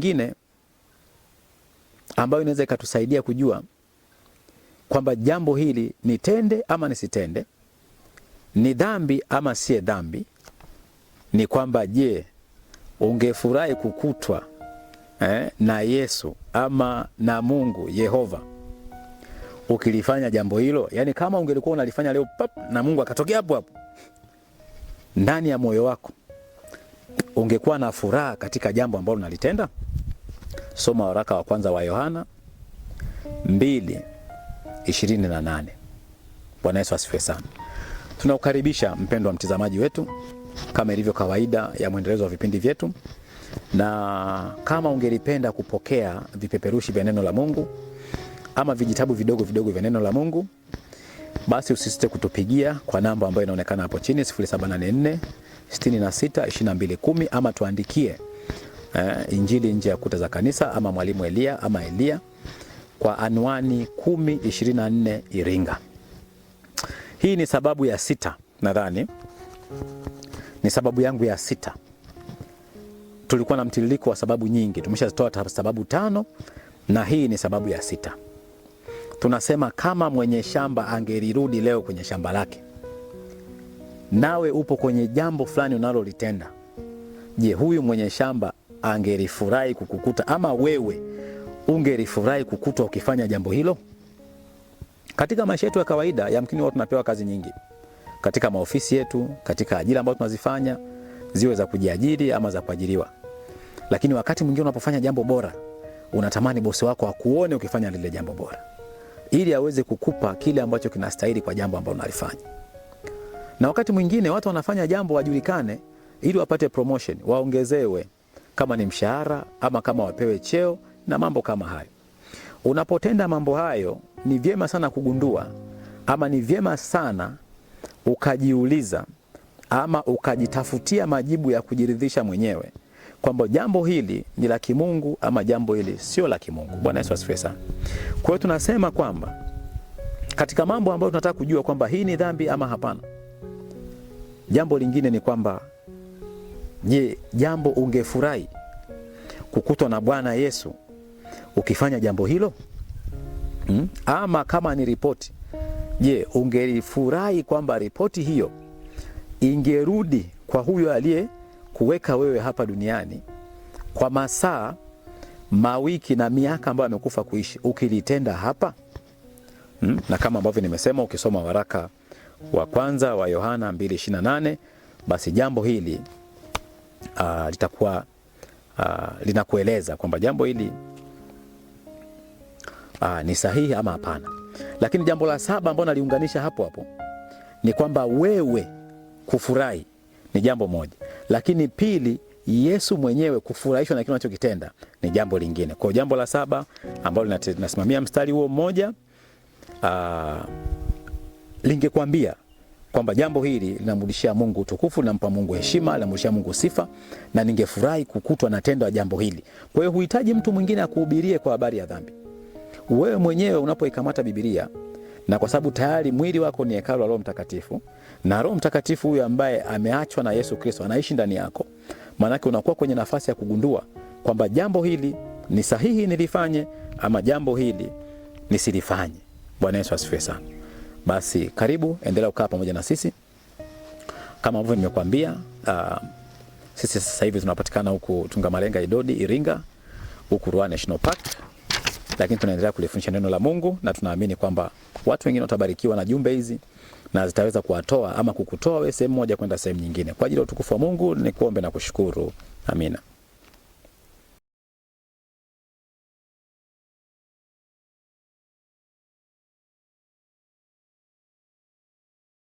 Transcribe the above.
nyingine ambayo inaweza ikatusaidia kujua kwamba jambo hili nitende ama nisitende, ni dhambi ama siye dhambi, ni kwamba je, ungefurahi kukutwa eh, na Yesu ama na Mungu Yehova ukilifanya jambo hilo? Yaani kama ungelikuwa unalifanya leo pap, na Mungu akatokea hapo hapo ndani ya moyo wako, ungekuwa na furaha katika jambo ambalo unalitenda? Soma waraka wa kwanza wa Yohana 2:28. Bwana Yesu asifiwe sana. Tunakukaribisha mpendwa mtazamaji wetu kama ilivyo kawaida ya mwendelezo wa vipindi vyetu, na kama ungelipenda kupokea vipeperushi vya neno la Mungu ama vijitabu vidogo vidogo vya neno la Mungu, basi usisite kutupigia kwa namba ambayo inaonekana hapo chini 0784 662210 ama tuandikie eh, injili nje ya kuta za kanisa ama mwalimu Elia ama Elia kwa anwani 1024 Iringa. Hii ni sababu ya sita, nadhani ni sababu yangu ya sita. Tulikuwa na mtiririko wa sababu nyingi, tumeshatoa sababu tano na hii ni sababu ya sita. Tunasema kama mwenye shamba angelirudi leo kwenye shamba lake. Nawe upo kwenye jambo fulani unalolitenda. Je, huyu mwenye shamba angelifurahi kukukuta ama wewe ungelifurahi kukutwa ukifanya jambo hilo? Katika maisha yetu ya kawaida, yamkini wao tunapewa kazi nyingi katika maofisi yetu, katika ajira ambazo tunazifanya, ziwe za kujiajiri ama za kuajiriwa. Lakini wakati mwingine unapofanya jambo bora, unatamani bosi wako akuone ukifanya lile jambo bora, ili aweze kukupa kile ambacho kinastahili kwa jambo ambalo unalifanya. Na wakati mwingine watu wanafanya jambo wajulikane, ili wapate promotion, waongezewe kama ni mshahara ama kama wapewe cheo na mambo kama hayo. Unapotenda mambo hayo, ni vyema sana kugundua ama ni vyema sana ukajiuliza ama ukajitafutia majibu ya kujiridhisha mwenyewe kwamba jambo hili ni la kimungu ama jambo hili sio la kimungu. Bwana Yesu asifiwe sana. Kwa hiyo tunasema kwamba katika mambo ambayo tunataka kujua kwamba hii ni dhambi ama hapana, jambo lingine ni kwamba Je, jambo ungefurahi kukutwa na Bwana Yesu ukifanya jambo hilo hmm? Ama kama ni ripoti, je, ungefurahi kwamba ripoti hiyo ingerudi kwa huyo aliye kuweka wewe hapa duniani kwa masaa mawiki na miaka ambayo amekufa kuishi ukilitenda hapa hmm? Na kama ambavyo nimesema, ukisoma waraka wa kwanza wa Yohana 2:28 basi jambo hili uh, litakuwa uh, linakueleza kwamba jambo hili uh, ni sahihi ama hapana. Lakini jambo la saba ambalo naliunganisha hapo hapo ni kwamba wewe kufurahi ni jambo moja, lakini pili Yesu mwenyewe kufurahishwa na kile unachokitenda ni jambo lingine. Kwa jambo la saba ambalo linasimamia mstari huo mmoja, uh, lingekwambia kwamba jambo hili linamrudishia Mungu utukufu, linampa Mungu heshima, linamrudishia Mungu sifa, na ningefurahi kukutwa na tendo la jambo hili. Kwa hiyo huhitaji mtu mwingine akuhubirie kwa habari ya dhambi. Wewe mwenyewe unapoikamata Biblia, na kwa sababu tayari mwili wako ni hekalu la Roho Mtakatifu, na Roho Mtakatifu huyu ambaye ameachwa na Yesu Kristo anaishi ndani yako, maanake unakuwa kwenye nafasi ya kugundua kwamba jambo hili ni sahihi nilifanye ama jambo hili nisilifanye. Bwana Yesu asifiwe sana. Basi karibu, endelea kukaa pamoja na sisi. Kama ambavyo nimekuambia, uh, sisi sasa hivi tunapatikana huku Tungamalenga Idodi, Iringa, huku Ruaha National Park, lakini tunaendelea kulifundisha neno la Mungu na tunaamini kwamba watu wengine watabarikiwa na jumbe hizi na zitaweza kuwatoa ama kukutoa wewe sehemu moja kwenda sehemu nyingine. Kwa ajili ya utukufu wa Mungu, nikuombe na kushukuru. Amina.